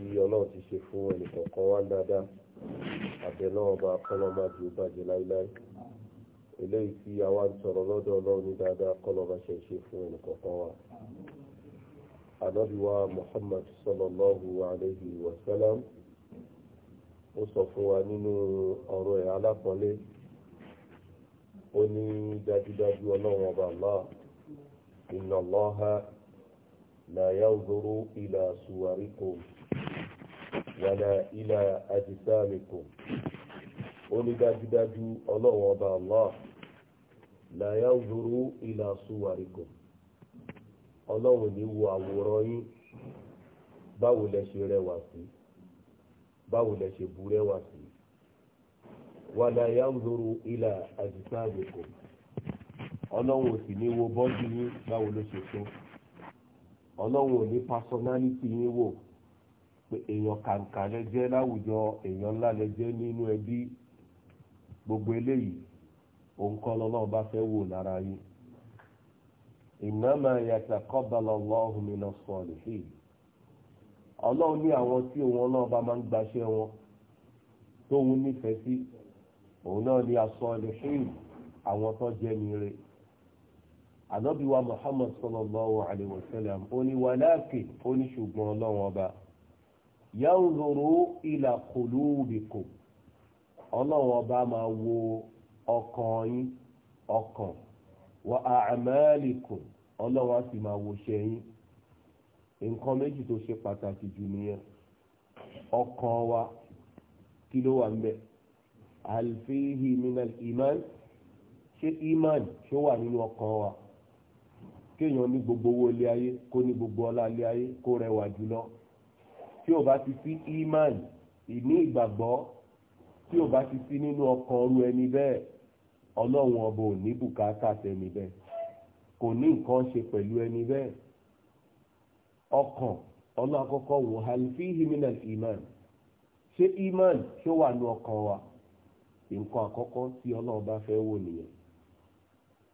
tí ọlọ́run ti ṣe fún ẹnìkọ̀ọ̀kan wá dáadáa àbẹ̀ náà bá kọ́lọ́mà ju bàjẹ́ láíláí eléyìí tí a wá ń sọ̀rọ̀ lọ́dọ̀ ọlọ́run ní dáadáa kọ́lọ́mà ṣe ṣe fún ẹnìkọ̀ọ̀kan wá. ànábìwá Muhammad sallallahu alayhi wa sallam ó sọ fún wa nínú ọ̀rọ̀ ẹ̀ alápọ̀lé ó ní dájúdájú ọlọ́run ọba Allah inna Allaha la yanzuru ila suwarikum. wàlà ilà àdìsáàmìkùn ó ní dájúdájú ọlọ́wọ́ ọba allah làyà òzòrò ilà suwarikum ọlọ́run ní wo àwòrán yín báwo lẹ ṣe rẹwà sí báwo lẹ ṣe bu rẹwà sí wàlà yà òzòrò ilà àdìsáàmìkùn ọlọ́run sì ní wo bọ́ọ̀dù yín báwo ló ṣe tó ní yín èèyàn kàǹkà jẹ́ láwùjọ èèyàn ńlá jẹ́ nínú ẹbí gbogbo eléyìí òun kọ́ lọ́lọ́run bá fẹ́ wò lára yín ìnáma yataqabbalu Allahu minas salihin ọlọ́run ní àwọn tí òun náà bá máa ń gbaṣẹ́ wọn tóun nífẹ̀ẹ́ sí òun náà ní asọ salihin àwọn tó jẹ́ mi rè ànábìwá Muhammad sallallahu ọba. yanzuru ila qulubikum ọlọ́run ọba máa wo ọkàn yín ọkàn wa a'malikum ọlọ́run á sì máa wo ṣẹ́yìn nǹkan méjì tó ṣe pàtàkì jù nìyẹn ọkàn wa kí ló wà ńbẹ̀ alfihi minal iman ṣé iman ṣó wà nínú ọkàn wa kéèyàn ní gbogbo owó ilé ayé kó ní gbogbo ọlá ilé ayé kó rẹwà jùlọ tí o bá ti sí iman ìní ìgbàgbọ́ tí o bá ti sí nínú ọkàn ọrú ẹni bẹ́ẹ̀ ọlọ́run ọba ò ní bùkátà tẹni bẹ́ẹ̀ kò ní nǹkan ṣe pẹ̀lú ẹni bẹ́ẹ̀ ọkàn ọlọ́run akọ́kọ́ wò halifi himinal iman ṣé iman ṣó wà ní ọkàn wa nǹkan àkọ́kọ́ tí ọlọ́run bá fẹ́ wò nìyẹn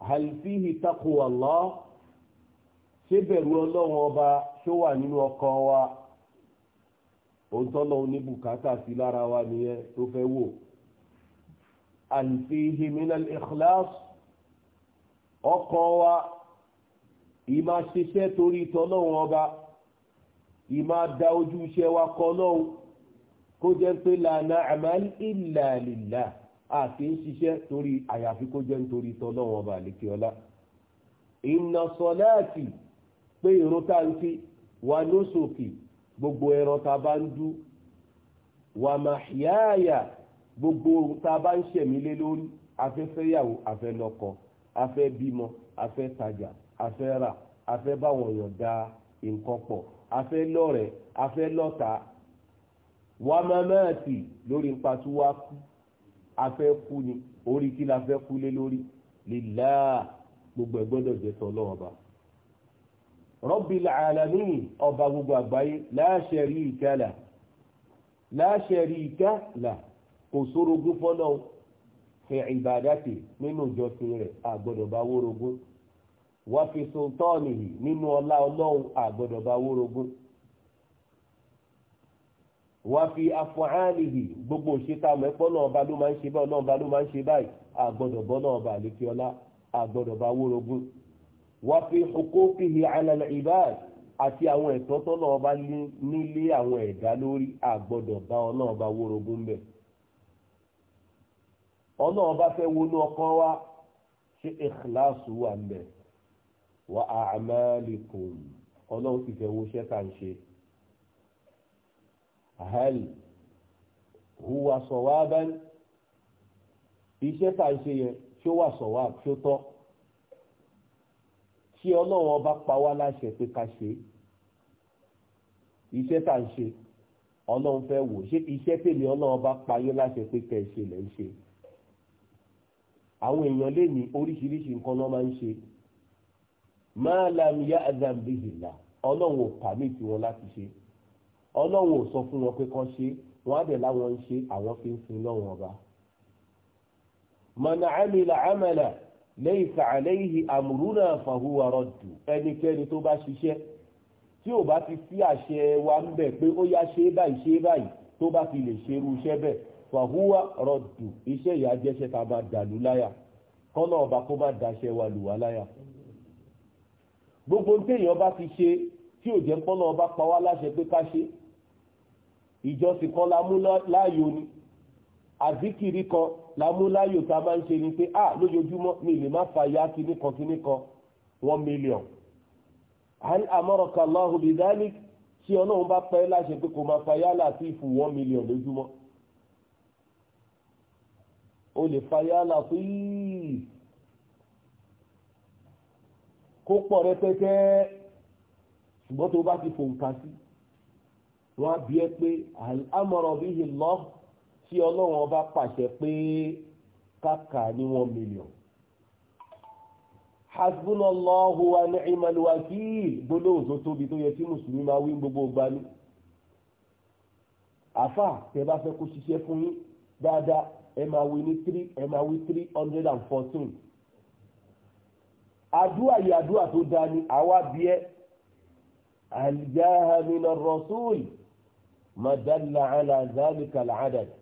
halifihi takuwa Allah ṣé bẹ̀rù ọlọ́run ọba ṣó wà nínú ọkàn wa. òun tọ́lọ́ ní bùkátà sí lára wa nìyẹn tó fẹ́ wò àǹtí himinal ikhlas ọkàn wa ìmá ṣiṣẹ́ torí tọ́lọ́run ọba ìmá da ojú iṣẹ́ wa kọ́ lọ́hùn kó jẹ́ pé lànà àmàl illa lillah àti ń ṣiṣẹ́ torí àyàfi kó jẹ́ nítorí tọ́lọ́run ọba àlékè ọlá inna salati pé ìrun ń fi wà lóṣòkè gbogbo ẹran tá a bá ń dú wà màhíáyà gbogbo ohun tá a bá ń ṣẹ̀mí lé lórí afẹ́fẹ́yàwó afẹ́lọ́kọ afẹ́bímọ afẹ́tajà afẹ́rà afẹ́báwọn èèyàn da nǹkan pọ̀ afẹ́lọ́rẹ̀ afẹ́lọ́ta wà màmáàtì lórí ipa tó wá kú afẹ́kú ni orí kí la fẹ́ kú lé lórí lílá gbogbo ẹ̀ gbọ́dọ̀ jẹ́ tọ́ lọ́wọ́ bá. Rabbil alamin ọba gbogbo àgbáyé la sharika la a kò sórogún fọ́nà fi ìbàdàtì nínú ìjọsìn rẹ̀ àgbọ̀dọ̀ wórogún wá fi sultani nínú ọlá ọlọ́run àgbọ̀dọ̀ gbogbo òṣìṣẹ́ mẹ́pọ́ náà ọba ló ọba ló máa ń wà fi huquqihi ala al-ibad àti àwọn ẹ̀tọ́ tọ́lọ́ ọba nílé àwọn ẹ̀dá lórí àgbọ̀dọ̀ bá ọlọ́ọba wórogún bẹ̀. ọlọ́ọba fẹ́ wọnú ọkàn wa ṣé ikhlasu wà ń bẹ̀ wa a'malikum ọlọ́run sì fẹ́ wo iṣẹ́ tá à ń ṣe. hal huwa sawaban iṣẹ́ tá à ń ṣe yẹn ṣó wà sawaban ṣó tọ́ tí ọlọ́run ọba pa wá láṣẹ pé ká ṣe iṣẹ́ tá à ń ṣe ọlọ́run fẹ́ wò ṣé iṣẹ́ tèmi ọlọ́run bá payé láṣẹ pé kẹ́ ẹ ṣe lẹ́ ń ṣe àwọn èèyàn lè ní oríṣiríṣi nǹkan lọ́ máa ń ṣe máa lam ya azam bihila ọlọ́run ò pàmì tiwọn láti ṣe ọlọ́run ò sọ fún wọn pé kán ṣe wọn á dẹ̀ láwọn ń ṣe àwọn fi ń sin lọ́wọ́n ọba. mọ̀nà àmì là ámàlà laysa alayhi amruna fahuwa raddu ẹnikẹ́ni tó bá ṣiṣẹ́ tí ò bá ti sí àṣẹ wa ń bẹ̀ pé ó yá ṣe báyìí ṣe báyìí tó bá fi lè ṣerú iṣẹ́ bẹ́ẹ̀ fahuwa raddu iṣẹ́ ìyá jẹ́ṣẹ́ ta máa dàlú láyà kọ́nà ọba kó má daṣẹ́ wa lù wá láyà gbogbo téèyàn bá ti ṣe tí ò jẹ́ kọ́nà ọba pa wá láṣẹ pé ká ṣe ìjọsìn kan la mú láàyò ni àzíkìrí kan lámúláyò tá a máa ń ṣe ni pé a lójoojúmọ́ mi lè má fa ya kíní kan kíní kan one million. hal amaraka Allahu bidhalik tí ọlọ́run bá pẹ́ láṣẹ pé kò máa fa ya látífù one million lójúmọ́. o lè fa ya látífù kó pọ̀ rẹpẹtẹ ṣùgbọ́n tó bá ti fòǹkà sí wọ́n á bí ẹ pé àmọ̀ràn bíi lọ́ọ̀ tí ọlọ́run ọba pàṣẹ pé káàkà ní one million hasbunallahu wa ni'mal wakil gbólóhùn tó tóbi tó yẹ tí mùsùlùmí máa wí gbogbo gbanú àfà tẹ bá fẹ́ kó ṣiṣẹ́ fún yín dáadáa ẹ máa wí ní three ẹ máa wí three hundred and fourteen àdúrà yìí àdúrà tó dáa ni àwa bíẹ àlìjáhàmínà rọ̀ṣúùlì màdàlà àlàzálìkàlà àdàdì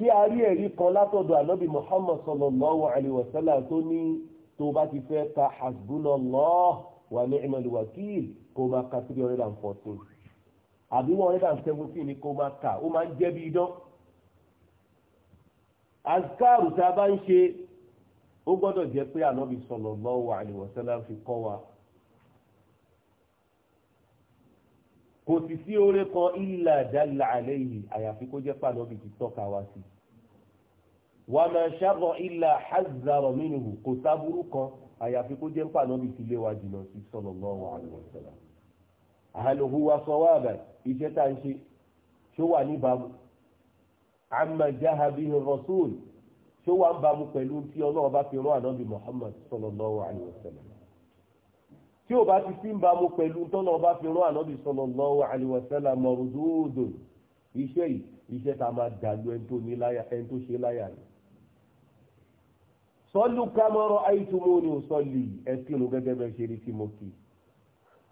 ṣé a rí ẹ̀rí kan látọ̀dọ̀ ànábì muhammad sallallahu alayhi wa sallam tó ní tó bá ti fẹ́ ka hasbunallah wa ni'mal wakil kó máa ka three hundred and fourteen àbí one hundred and seventeen ni kó máa kà ó máa ń jẹ́ bí idán azkaru tá a bá ń ṣe ó gbọ́dọ̀ jẹ́ pé ànábì sallallahu alayhi wa sallam fi kọ́ wa. kò sì sí oore kan illa dalla alayhi àyàfi kó jẹ́ pàlọ́bì ti tọ́ka wá sí wa ma sharra illa hazzara minhu kò sábúrú kan àyàfi kó jẹ́ pàlọ́bì ti lé wa jùlọ sí sallallahu alaihi wasallam hal huwa sawaba iṣẹ́ tá à ń ṣe ṣó wà níbàámu amma jaha rasul ṣó wà ń bàámu pẹ̀lú tí ọlọ́run bá fi rán ànábì Muhammad sallallahu alaihi wasallam tí ò bá ti sí ń bámu pẹ̀lú tọ́nà ọba fi rán ànábì sallallahu alaihi wasallam mọ̀rúdúdò iṣẹ́ yìí iṣẹ́ tá a máa dàlú ẹni tó ní láyà ẹni tó ṣe láyà ni. sallu kama ra'aytumuni usalli ẹ kírun gẹ́gẹ́ bẹ́ẹ̀ ṣe rí tí mo kì í.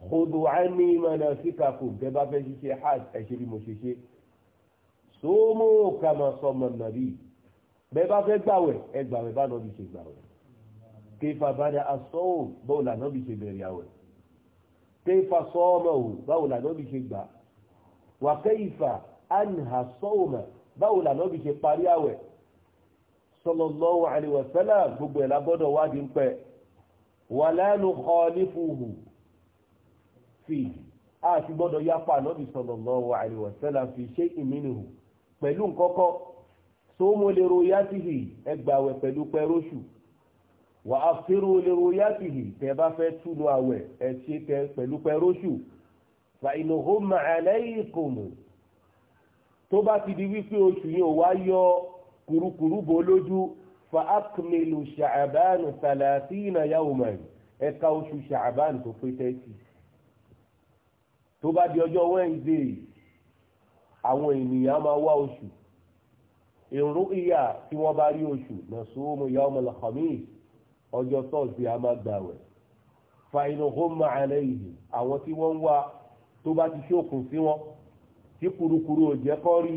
khudu anni manasikakum bẹ́ẹ̀ bá fẹ́ ṣiṣẹ́ hajj ẹ ṣe bí mo ṣe ṣe. sumu kama sama nabi bẹ́ẹ̀ bá fẹ́ gbàwẹ̀ ẹ gbàwẹ̀ bá nọ kéfà bada asọ́ọ̀ báwo lànà bí ṣe bẹ̀rẹ̀ àwẹ̀ kéfà sọ́ọ̀mọ̀ ò báwo lànà bí ṣe gbà wà kéfà anha sọ́ọ̀mọ̀ báwo lànà bí ṣe parí àwẹ̀ sallallahu alaihi wa sallam gbogbo ẹ̀ lábọ́dọ̀ wádìí ń pẹ́ wà lẹ́nu khalifuhu fi àti gbọ́dọ̀ yapa ànábì sallallahu alaihi wa sallam fi shay'in minhu pẹ̀lú nkọ́kọ́ sómo lè ro yá wà á fẹ́rù olóró yàtìlì tẹ́ bá fẹ́ túlù àwẹ̀ ẹ̀ ṣe tẹ pẹ̀lú pẹ̀rọ́ṣù fa ìnáwó màálẹ́ ìkòmù tó bá ti di wípé oṣù yìí ò wá yọ kurukuru bò lójú fa akmilu ṣàbánu salatina yawman ẹ̀ka oṣù ṣàbánu tó pé tẹ́tì tó bá di ọjọ́ Wednesday àwọn ènìyàn máa wá oṣù èrò ìyà tí wọ́n bá rí oṣù nasumu yawmal khamis ọjọ́ sọ́ọ̀sì a máa gbàwẹ̀ fàìnà hóma àlẹ́ yìí àwọn tí wọ́n ń wá tó bá ti ṣókun sí wọn tí kurukuru ò jẹ́ kọ́ rí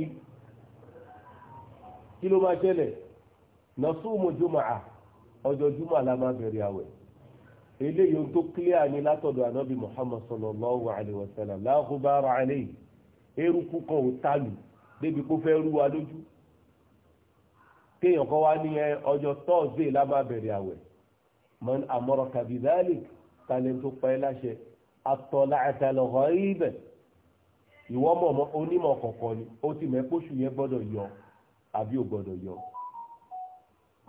kí ló máa ṣẹlẹ̀ nasumu jumaa ọjọ́ jumaa la máa bẹ̀rẹ̀ àwẹ̀ eléyìí ohun tó kílíà ní látọ̀dọ̀ anábì muhammad sallallahu alayhi wa sallam láhùbára alayhi eruku kan ò tálù débi kó fẹ́ rú wa lójú kéèyàn kan wá ní ọjọ́ tọ́ọ̀sì la bẹ̀rẹ̀ àwẹ̀ man amọ́rọ̀kà bí dálì tàlẹ́ tó pa ẹ́ láṣẹ atọ́lá àtàlọ́họ́ ibẹ̀ ìwọ́ mọ̀ onímọ̀ kọ̀ọ̀kan ni ó ti mẹ́kóṣù yẹn gbọ́dọ̀ yọ àbí ò gbọ́dọ̀ yọ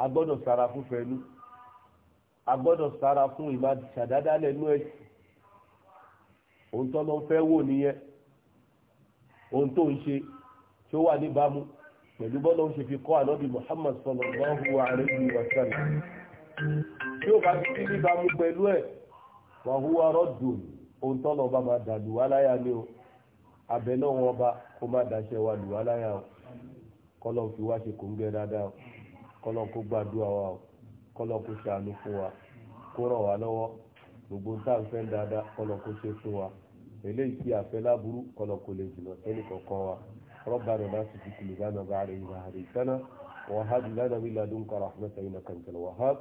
a gbọ́dọ̀ sára fún fẹnu a gbọ́dọ̀ sára fún ìmá ṣàdádá lẹ́nu ẹ̀sìn òun tó lọ fẹ́ wò nìyẹn ohun tó ń ṣe tí ó wà níbàámu pẹ̀lú bọ́lá ń ṣe fi kọ́ ànábì Muhammad sallallahu alaihi wa sallam bá ti níbàámu pẹ̀lú ẹ̀ wàhúwa rọ́dùn ohun tọ́lọ̀ ọba máa dàlù wá láyà ni o abẹ náà wọn bá kó má daṣẹ́ wa lù wá láyà o kọ́lọ̀ fi wá ṣe kóńgẹ́ dáadáa o kọ́lọ̀ kó gbàdúrà wa o kọ́lọ̀ kó ṣàánú fún wa kó ràn wá lọ́wọ́ gbogbo tá à ń fẹ́ dáadáa kọ́lọ̀ kó ṣe fún wa eléyìí tí a fẹ́ láburú kọ́lọ̀ kó lè jìnnà sẹ́nì kankan wa rọ́bàrà náà ti fi kìlì lánàá bá rẹ̀ ìhà rẹ̀ sánà wọ́n há